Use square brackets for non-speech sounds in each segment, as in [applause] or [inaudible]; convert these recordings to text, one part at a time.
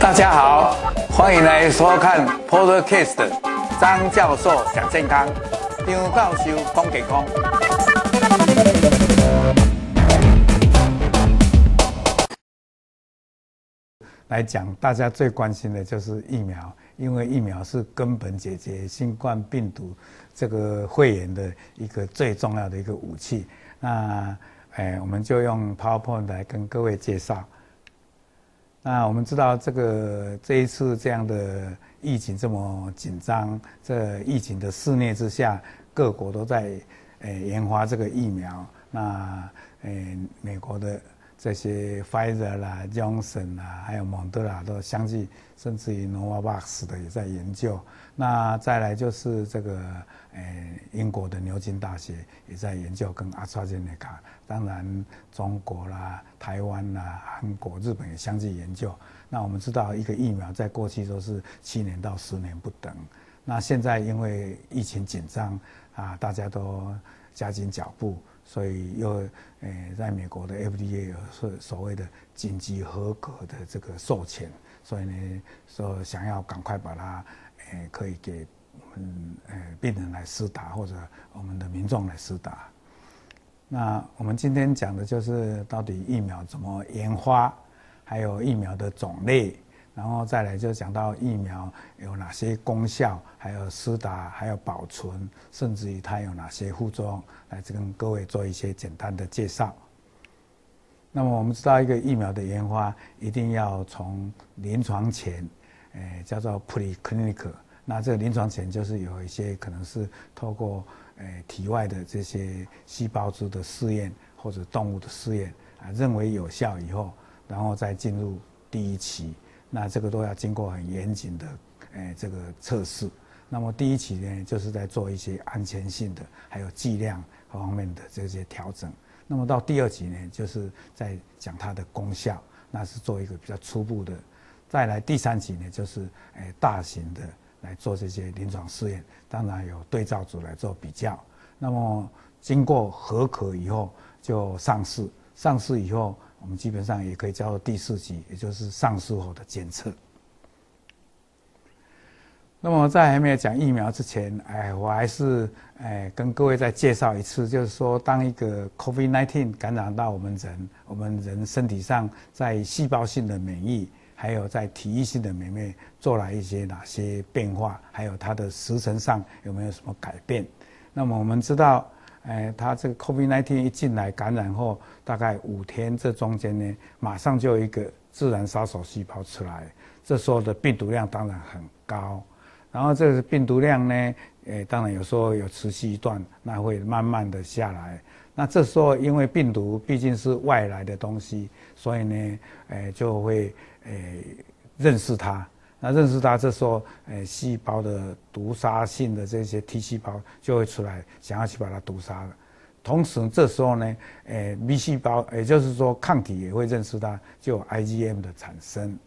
大家好，歡迎來收看 Podcast 張教授講健康。張教授講健康。來講，大家最關心的就是疫苗，因為疫苗是根本解決新冠病毒這個肺炎的一個最重要的一個武器。那哎，我們就用 PowerPoint 來跟各位介紹。那我們知道這個這一次這樣的疫情這麼緊張，這疫情的肆虐之下，各國都在哎研發這個疫苗。那哎，美國的。這些 Pfizer 啦、Johnson 啦，還有 Moderna 都相繼，甚至於 Novavax 的也在研究。那再來就是這個，誒，英國的牛津大學也在研究跟 AstraZeneca。當然，中國啦、台灣啦、韓國、日本也相繼研究。那我們知道，一個疫苗在過去都是七年到十年不等。那現在因為疫情緊張，啊，大家都加緊腳步。所以又誒，在美國的 FDA 有所所謂的緊急合格的這個授權，所以呢，說想要趕快把它誒可以給我們誒病人來施打或者我們的民眾來施打。那我們今天講的就是到底疫苗怎麼研發，還有疫苗的種類。然後再來就講到疫苗有哪些功效，還有施打，還有保存，甚至於它有哪些副作用，來跟各位做一些簡單的介紹。那麼我們知道，一個疫苗的研發一定要從臨床前，誒、哎、叫做 preclinical，那這個臨床前就是有一些可能是透過誒、哎、體外的這些細胞株的試驗或者動物的試驗啊，認為有效以後，然後再進入第一期。那這個都要經過很嚴謹的，誒，這個測試。那麼第一期呢，就是在做一些安全性的，還有劑量方面的這些調整。那麼到第二期呢，就是在講它的功效，那是做一個比較初步的。再來第三期呢，就是誒，大型的來做這些臨床試驗，當然有對照組來做比較。那麼經過合格以後就上市，上市以後。我們基本上也可以叫做第四級，也就是上市後的檢測。那麼在還沒有講疫苗之前，哎，我還是哎跟各位再介紹一次，就是說當一個 COVID nineteen 感染到我們人，我們人身體上在細胞性的免疫，還有在體液性的免疫做了一些哪些變化，還有它的時程上有沒有什麼改變？那麼我們知道。哎，他這個 COVID -19 一進來感染後，大概五天這中間呢，馬上就有一個自然殺手細胞出來，這時候的病毒量當然很高。然後這個病毒量呢，哎，當然有時候有持續一段，那會慢慢的下來。那這時候因為病毒畢竟是外來的東西，所以呢，呃、哎，就會呃、哎、認識它。那認識它，這時候，誒，細胞的毒殺性的這些 T 細胞就會出來，想要去把它毒殺了。同時，這時候呢，誒，B 細胞，也就是說抗體也會認識它，就有 IgM 的產生。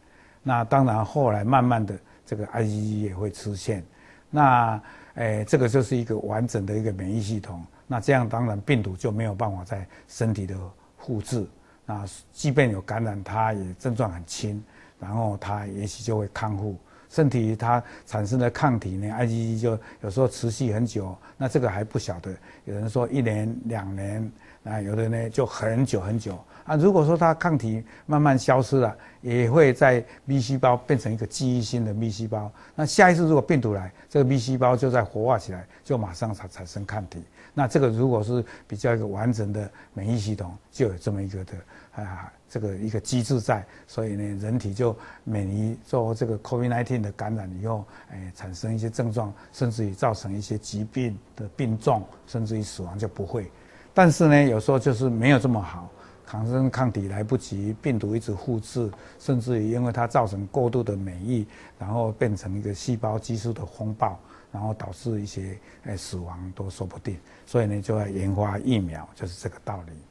那當然，後來慢慢的這個 IgG 也會出現。那，誒，這個就是一個完整的一個免疫系統。那這樣當然病毒就沒有辦法在身體的複製。那即便有感染，它也症狀很輕。然後它也許就會康復，身體它產生的抗體呢，IgG 就有時候持續很久，那這個還不曉得，有人說一年兩年，那有的呢就很久很久，啊如果說它抗體慢慢消失了，也會在 B 細胞變成一個記憶性的 B 細胞，那下一次如果病毒來，這個 B 細胞就再活化起來，就馬上產產生抗體，那這個如果是比較一個完整的免疫系統，就有這麼一個的啊。這個一個機制在，所以呢，人體就免於受這個 COVID-19 的感染以後，哎、呃，產生一些症狀，甚至於造成一些疾病的病重，甚至於死亡就不會。但是呢，有時候就是沒有這麼好，抗生抗體來不及，病毒一直複製，甚至於因為它造成過度的免疫，然後變成一個細胞激素的風暴，然後導致一些哎死亡都說不定。所以呢，就要研發疫苗，就是這個道理。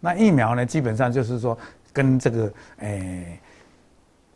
那疫苗呢？基本上就是說，跟這個誒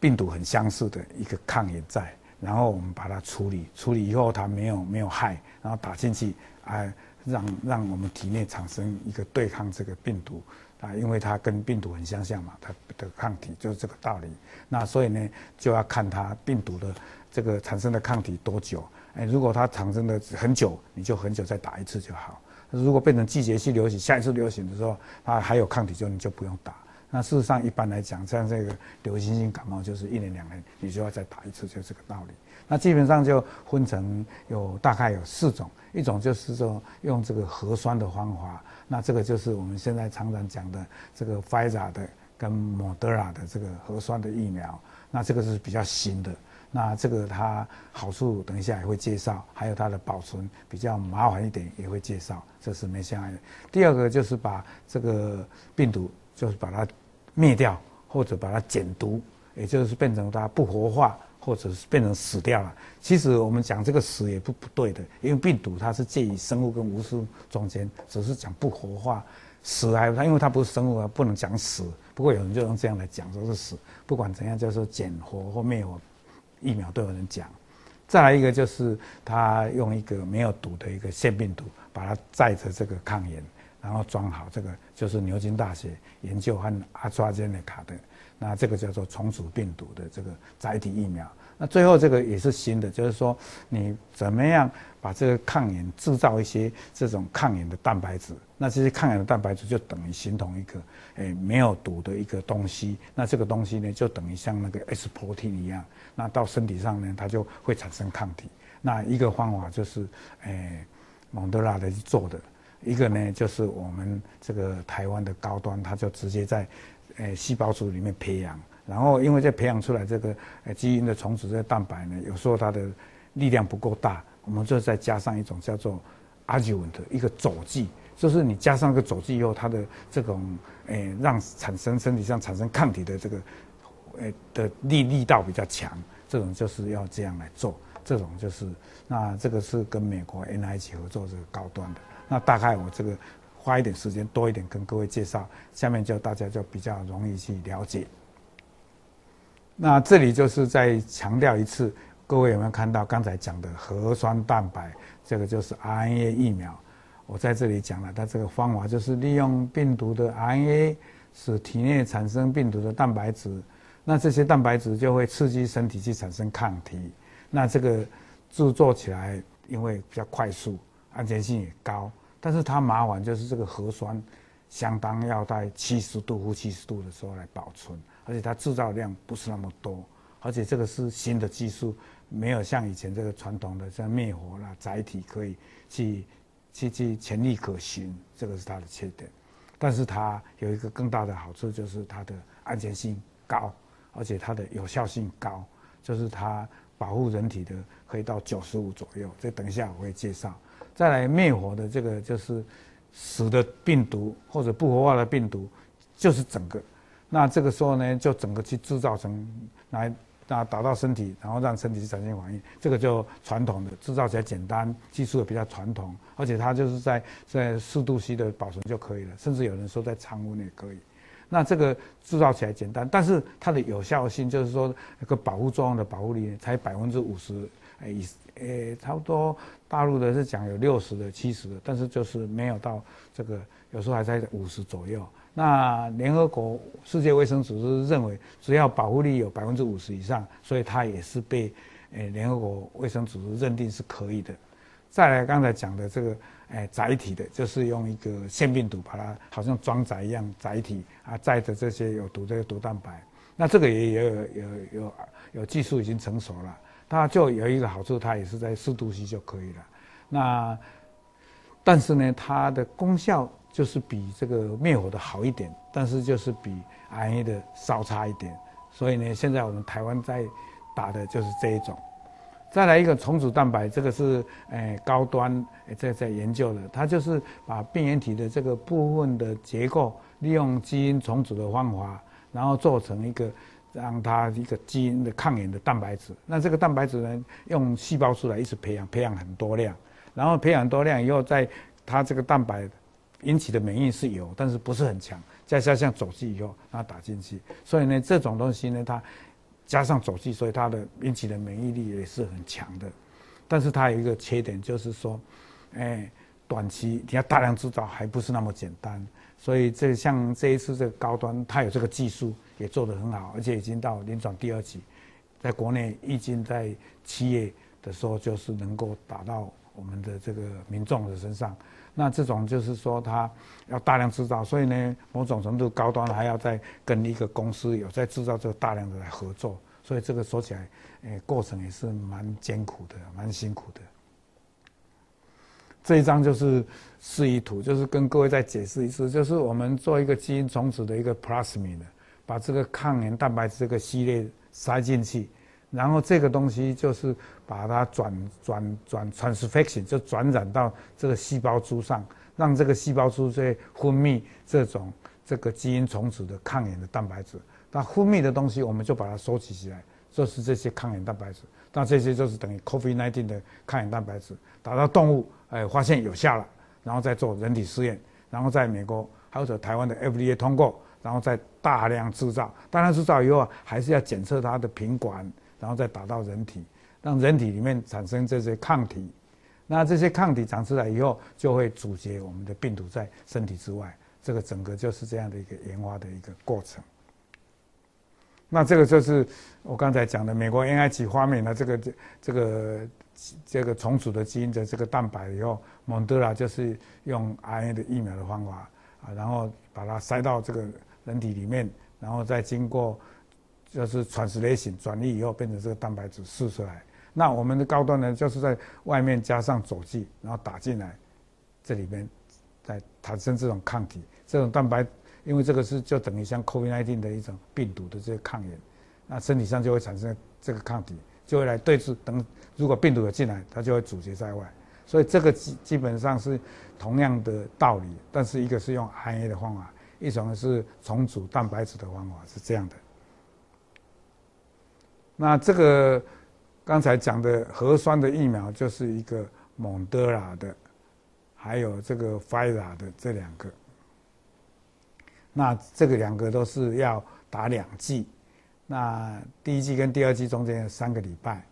病毒很相似的一個抗原在，然後我們把它處理，處理以後它沒有沒有害，然後打進去啊，讓讓我們體內產生一個對抗這個病毒啊，因為它跟病毒很相像嘛，它的抗體就是這個道理。那所以呢，就要看它病毒的這個產生的抗體多久。哎，如果它產生的很久，你就很久再打一次就好。如果變成季節性流行，下一次流行的時候，它還有抗體就，就你就不用打。那事實上，一般來講，像這個流行性感冒，就是一年兩年你就要再打一次，就是這個道理。那基本上就分成有大概有四種，一種就是說用這個核酸的方法，那這個就是我們現在常常講的這個 Pfizer 的跟 Moderna 的這個核酸的疫苗，那這個是比較新的。那這個它好處，等一下也會介紹，還有它的保存比較麻煩一點，也會介紹，這是沒下來的。第二個就是把這個病毒，就是把它滅掉，或者把它減毒，也就是變成它不活化，或者是變成死掉了。其實我們講這個死也不不對的，因為病毒它是介於生物跟無生物中間，只是講不活化，死還它因為它不是生物啊，不能講死。不過有人就用這樣來講，說、就是死，不管怎樣叫做、就是、減活或滅活。疫苗都有人講，再來一個就是他用一個沒有毒的一個腺病毒，把它載着這個抗原，然後裝好這個，就是牛津大學研究和 AstraZeneca 的。那這個叫做重組病毒的這個載體疫苗。那最後這個也是新的，就是說你怎麼樣把這個抗原製造一些這種抗原的蛋白質，那這些抗原的蛋白質就等於形同一個哎沒有毒的一個東西，那這個東西呢就等於像那個 S protein 一樣，那到身體上呢它就會產生抗體。那一個方法就是哎蒙德拉的做的，一個呢就是我們這個台灣的高端，他就直接在哎細胞株裡面培養。然後，因為這培養出來這個基因的重組這個蛋白呢，有時候它的力量不夠大，我們就再加上一種叫做 Adjuvant 一個佐劑，就是你加上個佐劑以後，它的這種誒、欸、讓產生身體上產生抗體的這個誒、欸、的力力道比較強，這種就是要這樣來做，這種就是那這個是跟美國 NIH 合作這個高端的。那大概我這個花一點時間多一點跟各位介紹，下面就大家就比較容易去了解。那這裡就是再強調一次，各位有沒有看到剛才講的核酸蛋白？這個就是 RNA 疫苗。我在這裡講了它這個方法，就是利用病毒的 RNA，使體內產生病毒的蛋白質。那這些蛋白質就會刺激身體去產生抗體。那這個製作起來因為比較快速，安全性也高，但是它麻煩就是這個核酸相當要在七十度負七十度的時候來保存。而且它製造量不是那麼多，而且這個是新的技術，沒有像以前這個傳統的像滅活啦，載體可以去去去前例可循，這個是它的缺點。但是它有一個更大的好處，就是它的安全性高，而且它的有效性高，就是它保護人體的可以到九十五左右。這等一下我會介紹。再來滅活的這個就是死的病毒或者不活化的病毒，就是整個。那這個時候呢，就整個去製造成，來啊達到身體，然後讓身體產生反應，這個就傳統的製造起來簡單，技術也比較傳統，而且它就是在在四度 C 的保存就可以了，甚至有人說在常溫也可以。那這個製造起來簡單，但是它的有效性就是說，那個保護作用的保護率才百分之五十。哎，呃、欸，差不多大陸的是講有六十的、七十的，但是就是沒有到這個，有時候還在五十左右。那聯合國世界衛生組織認為，只要保護率有百分之五十以上，所以它也是被、欸、聯合國衛生組織認定是可以的。再來剛才講的這個，哎、欸，載體的，就是用一個腺病毒把它好像裝載一樣載體啊，載着這些有毒這個毒蛋白。那這個也也有有有有技術已經成熟了。它就有一個好處，它也是在四度期就可以了。那，但是呢，它的功效就是比這個滅活的好一點，但是就是比 mRNA 的稍差一點。所以呢，現在我們台灣在打的就是這一種。再來一個重組蛋白，這個是哎高端哎在在研究的，它就是把病原體的這個部分的結構，利用基因重組的方法，然後做成一個。讓它一個基因的抗炎的蛋白質，那這個蛋白質呢，用細胞出來一直培養，培養很多量，然後培養很多量以後，在它這個蛋白引起的免疫是有，但是不是很強。再加上佐劑以後，然後打進去，所以呢，這種東西呢，它加上佐劑，所以它的引起的免疫力也是很強的。但是它有一個缺點，就是說，哎。短期你要大量製造還不是那麼簡單，所以這像這一次這個高端，它有這個技術也做得很好，而且已經到臨床第二期，在國內已經在七月的時候就是能夠打到我們的這個民眾的身上。那這種就是說它要大量製造，所以呢，某種程度高端還要再跟一個公司有在製造這個大量的來合作，所以這個說起來，誒，過程也是蠻艱苦的，蠻辛苦的。這一張就是示意圖，就是跟各位再解釋一次，就是我們做一個基因重組的一個 plasmid，把這個抗原蛋白質這個系列塞進去，然後這個東西就是把它轉轉轉 transfection 就轉染到這個細胞株上，讓這個細胞株在分泌這種這個基因重組的抗炎的蛋白質，那分泌的東西我們就把它收集起來，就是這些抗原蛋白質。那這些就是等於 COVID-19 的抗原蛋白質，打到動物，哎，發現有效了，然後再做人體試驗，然後在美國，或者說台灣的 FDA 通過，然後再大量制造。大量制造以後啊，還是要檢測它的品管，然後再打到人體，讓人體裡面產生這些抗體。那這些抗體長出來以後，就會阻截我們的病毒在身體之外。這個整個就是這樣的一個研發的一個過程。那這個就是我剛才講的，美國 NIH 發明了這個這這個、這個、這個重組的基因的這個蛋白以後，莫德納就是用 RNA 的疫苗的方法啊，然後把它塞到這個人體裡面，然後再經過就是 translation 轉譯以後變成這個蛋白質釋出來。那我們的高端呢，就是在外面加上佐劑，然後打進來，這裡面再產生這種抗體，這種蛋白。因為這個是就等於像 COVID-19 的一種病毒的這個抗原，那身體上就會產生這個抗體，就會來對治。等如果病毒有進來，它就會阻截在外。所以這個基基本上是同樣的道理，但是一個是用 RNA 的方法，一種是重組蛋白質的方法，是這樣的。那這個剛才講的核酸的疫苗，就是一個 Moderna 的，還有這個 Pfizer 的這兩個。那這個兩個都是要打兩劑，那第一劑跟第二劑中間三個禮拜，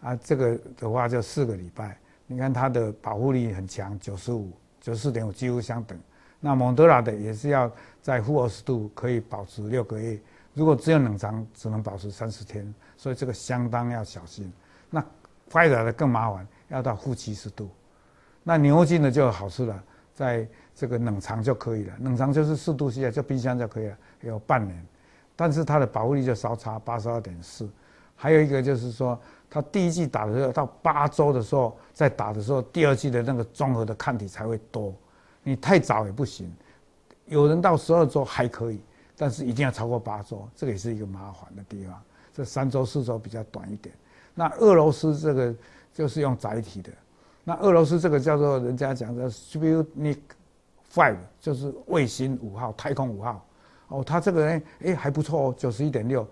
啊，這個的話就四個禮拜。你看它的保護力很強，九十五、九十四點五幾乎相等。那莫德納的也是要在負二十度可以保持六個月，如果只有冷藏只能保持三十天，所以這個相當要小心。那輝瑞、er、的更麻煩，要到負七十度。那牛津的就好吃了，在。這個冷藏就可以了，冷藏就是四度以下，就冰箱就可以了，有半年。但是它的保護力就稍差，八十二點四。還有一個就是說，它第一劑打的時候到八周的時候再打的時候，第二劑的那個中和的抗體才會多。你太早也不行，有人到十二周還可以，但是一定要超過八周，這個也是一個麻煩的地方。這三周四周比較短一點。那俄羅斯這個就是用載體的。那俄羅斯這個叫做人家講的，Sputnik。Five 就是衛星五號，太空五號，哦，他這個人哎還不錯哦，九十一點六，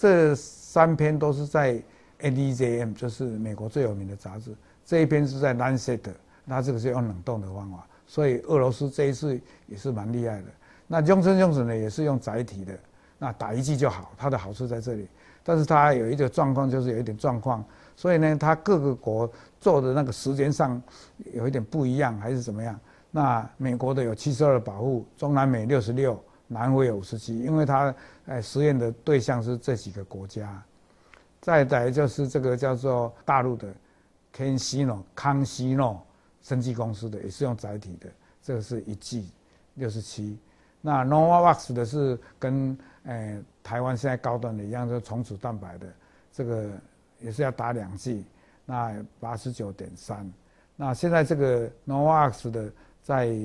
這三篇都是在《NEJM》，就是美國最有名的雜誌。這一篇是在《Lancet》，那這個是用冷凍的方法，所以俄羅斯這一次也是蠻厲害的。那嬌生嬌生呢，也是用載體的，那打一劑就好，它的好處在這裡。但是它有一個狀況，就是有一點狀況，所以呢，它各個國做的那個時間上有一點不一樣，還是怎麼樣？那美國的有七十二保護，中南美六十六，南非有五十七，因為它，哎、欸，實驗的對象是這幾個國家。再來就是這個叫做大陸的，CanSino 康希諾，生技公司的也是用載體的，這個是一劑六十七。那 Novavax 的是跟哎、欸、台灣現在高端的一樣，就是重組蛋白的，這個也是要打兩劑，那八十九點三。那現在這個 Novavax 的。在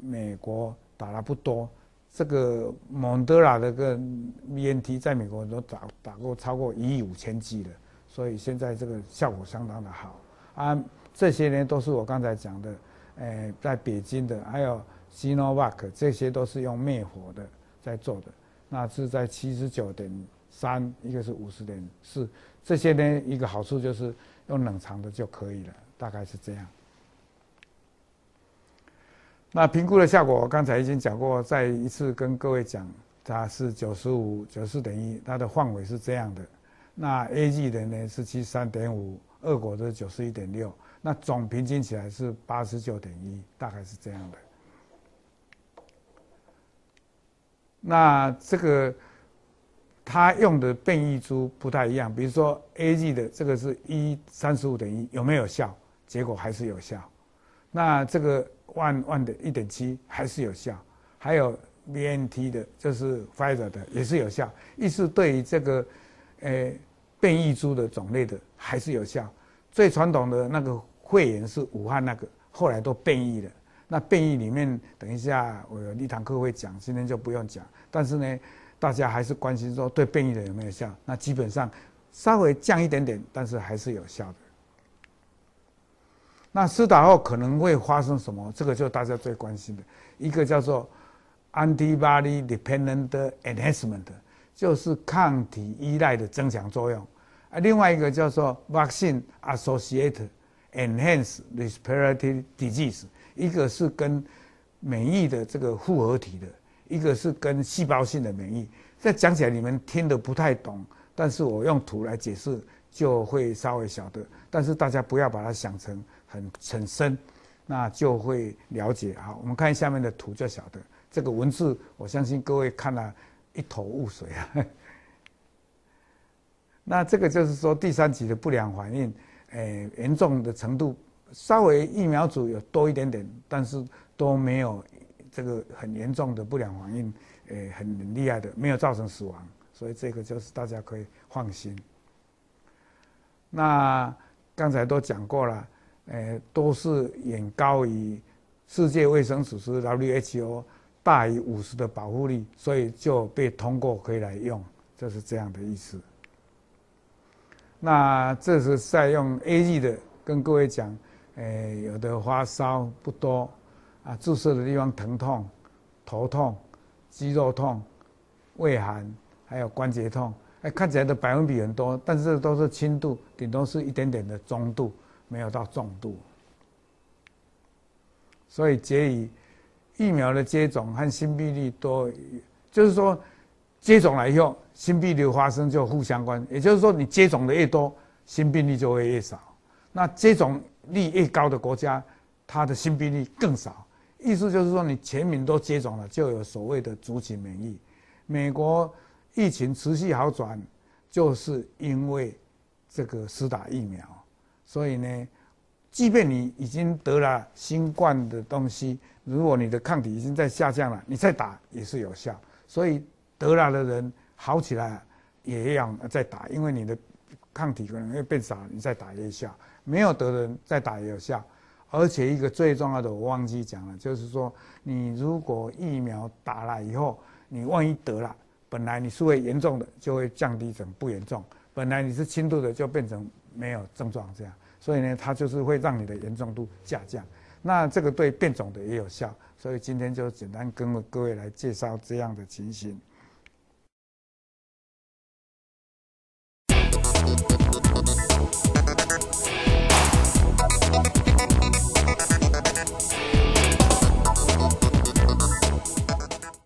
美國打了不多，這個莫德納的個 BNT 在美國都打打過超過一億五千劑了，所以現在這個效果相當的好啊。這些呢都是我剛才講的，誒、欸，在北京的還有 Sinovac 這些都是用滅活的，在做的，那是在七十九點三，一個是五十點四，這些呢一個好處就是用冷藏的就可以了，大概是這樣。那評估的效果，我剛才已經講過，再一次跟各位講，它是九十五九十四點一，它的範圍是這樣的。那 AZ 的呢是七十三點五，俄國的九十一點六，那總平均起來是八十九點一，大概是這樣的。那這個，它用的變異株不太一樣，比如說 AZ 的這個是一三十五點一，有沒有效？結果還是有效。那這個。萬萬的一點七還是有效，還有 BNT 的，就是 Pfizer 的也是有效，意思對於這個，誒、呃、變異株的種類的還是有效。最傳統的那個肺炎是武漢那個，後來都變異了。那變異裡面，等一下我有一堂課會講，今天就不用講。但是呢，大家還是關心說對變異的有沒有效？那基本上稍微降一點點，但是還是有效的。那施打後可能會發生什麼？這個就是大家最關心的，一個叫做 antibody-dependent enhancement，就是抗體依賴的增強作用；啊，另外一個叫做 vaccine-associated enhanced respiratory disease，一個是跟免疫的這個複合體的，一個是跟細胞性的免疫。這講起來你們聽得不太懂，但是我用圖來解釋就會稍微曉得。但是大家不要把它想成。很很深，那就會了解啊。我們看下，下面的圖就曉得。這個文字我相信各位看了一頭霧水啊。 [laughs] 那這個就是說第三級的不良反應，呃，嚴重的程度稍微疫苗組有多一點點，但是都沒有這個很嚴重的不良反應，呃，很厲害的，沒有造成死亡，所以這個就是大家可以放心。那剛才都講過了。呃、哎，都是遠高於世界衛生組織 WHO 大於五十的保護力，所以就被通過可以來用，就是這樣的意思。那這是在用 AZ 的，跟各位講，呃、哎，有的發燒不多，啊，注射的地方疼痛、頭痛、肌肉痛、畏寒，還有關節痛，哎，看起來的百分比很多，但是都是輕度，頂多是一點點的中度。沒有到重度，所以結語，疫苗的接種和新病例多，就是說接種了以後，新病例發生就互相關。也就是說，你接種的越多，新病例就會越少。那接種率越高的國家，它的新病例更少。意思就是說，你全民都接種了，就有所謂的群體免疫。美國疫情持續好轉，就是因為這個施打疫苗。所以呢，即便你已經得了新冠的東西，如果你的抗體已經在下降了，你再打也是有效。所以得了的人好起來也要再打，因為你的抗體可能會變少，你再打也有效。沒有得的人再打也有效。而且一個最重要的，我忘記講了，就是說你如果疫苗打了以後，你萬一得了，本來你是會嚴重的，就會降低成不嚴重；本來你是輕度的，就變成。沒有症狀這樣，所以呢，它就是會讓你的嚴重度下降。那這個對變種的也有效，所以今天就簡單跟各位來介紹這樣的情形。